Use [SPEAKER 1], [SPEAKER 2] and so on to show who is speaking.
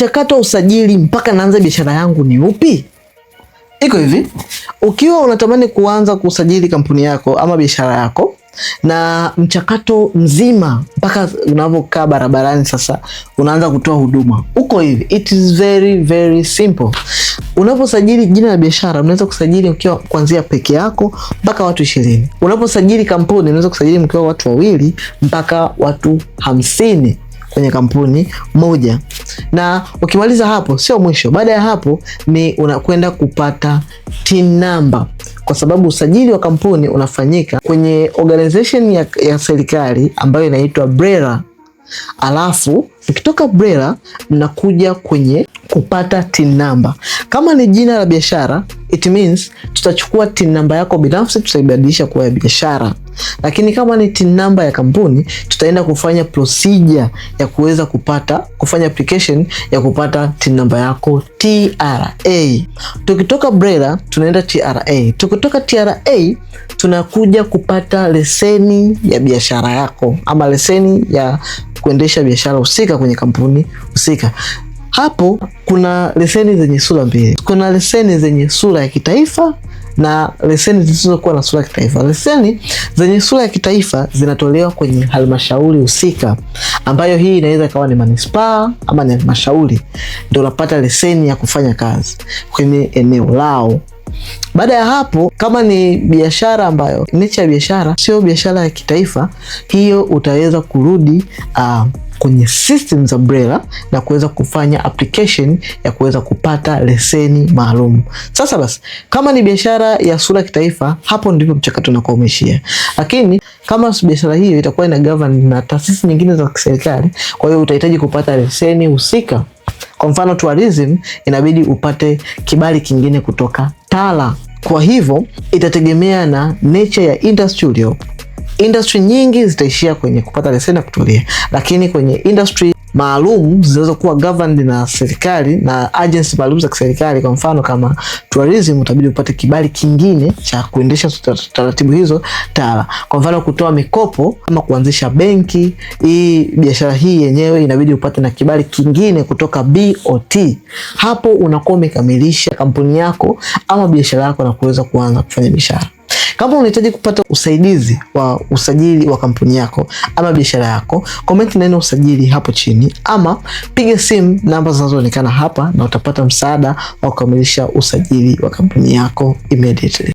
[SPEAKER 1] mchakato wa usajili mpaka naanze biashara yangu ni upi? Iko hivi, ukiwa unatamani kuanza kusajili kampuni yako ama biashara yako na mchakato mzima mpaka unavyokaa barabarani, sasa unaanza kutoa huduma uko hivi. It is very very simple. Unaposajili jina la biashara, unaweza kusajili ukiwa kuanzia peke yako mpaka watu ishirini. Unaposajili kampuni, unaweza kusajili mkiwa watu wawili mpaka watu hamsini kwenye kampuni moja, na ukimaliza hapo sio mwisho. Baada ya hapo ni unakwenda kupata TIN number, kwa sababu usajili wa kampuni unafanyika kwenye organization ya, ya serikali ambayo inaitwa BRELA. Alafu ukitoka BRELA mnakuja kwenye kupata TIN number. Kama ni jina la biashara, it means tutachukua TIN number yako binafsi tutaibadilisha kuwa ya biashara. Lakini kama ni TIN namba ya kampuni, tutaenda kufanya procedure ya kuweza kupata kufanya application ya kupata TIN namba yako TRA. Tukitoka BRELA tunaenda TRA, tukitoka TRA tunakuja kupata leseni ya biashara yako ama leseni ya kuendesha biashara husika kwenye kampuni husika. Hapo kuna leseni zenye sura mbili, kuna leseni zenye sura ya kitaifa na leseni zisizokuwa na sura ya kitaifa. Leseni zenye sura ya kitaifa zinatolewa kwenye halmashauri husika, ambayo hii inaweza ikawa ni manispaa ama ni halmashauri, ndio unapata leseni ya kufanya kazi kwenye eneo lao. Baada ya hapo, kama ni biashara ambayo nature ya biashara sio biashara ya kitaifa, hiyo utaweza kurudi uh, kwenye system za BRELA na kuweza kufanya application ya kuweza kupata leseni maalum. Sasa basi, kama ni biashara ya sura kitaifa, hapo ndipo mchakato unakuwa umeishia. Lakini kama biashara hiyo itakuwa ina govern na taasisi nyingine za kiserikali, kwa hiyo utahitaji kupata leseni husika. Kwa mfano tourism, inabidi upate kibali kingine kutoka TALA. Kwa hivyo itategemea na nature ya industry uliopo. Industry nyingi zitaishia kwenye kupata leseni na kutulia, lakini kwenye industry maalum zinazokuwa governed na serikali na agency maalum za kiserikali. Kwa mfano kama tourism, utabidi upate kibali kingine cha kuendesha taratibu hizo tala Kwa mfano kutoa mikopo ama kuanzisha benki, hii biashara hii yenyewe inabidi upate na kibali kingine kutoka BOT. Hapo unakuwa umekamilisha kampuni yako ama biashara yako na kuweza kuanza kufanya biashara. Kama unahitaji kupata usaidizi wa usajili wa kampuni yako ama biashara yako, komenti neno usajili hapo chini ama piga simu namba zinazoonekana hapa, na utapata msaada wa kukamilisha usajili wa kampuni yako immediately.